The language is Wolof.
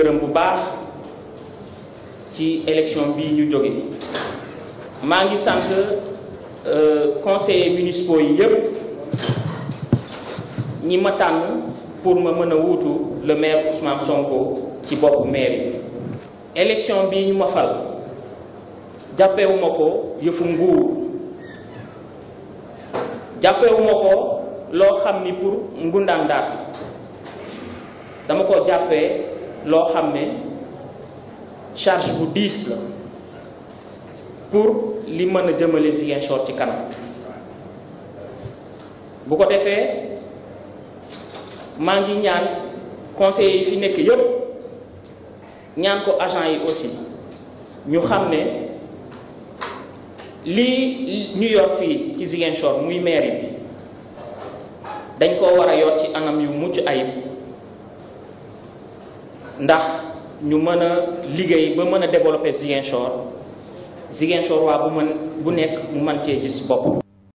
gërëm bu baax ci élection bi ñu jóge maa ngi sans sant euh, conseillers municipaux yi yëpp ñi ma tànn pour ma mën a wuutu le maire Ousmane Sonko ci boppu maire yi élection bi ñu ma fal jàppewuma ko yëfu nguur jàppewuma ko loo xam ni pour ngundaan daal dama ko jàppee loo xam ne charge bu diis la pour li mën a jëmale Ziguinchor ci kanam bu ko defee maa ngi ñaan conseillers yi fi nekk yépp ñaan ko agent yi aussi ñu xam ne lii ñu yor fii ci Ziguinchor muy mairie bi dañ ko war a yor ci anam yu mucc ayib ndax ñu mën a liggéey ba mën a développer Ziguinchor Ziguinchor waa bu mën bu nekk mu mën cee gis bopp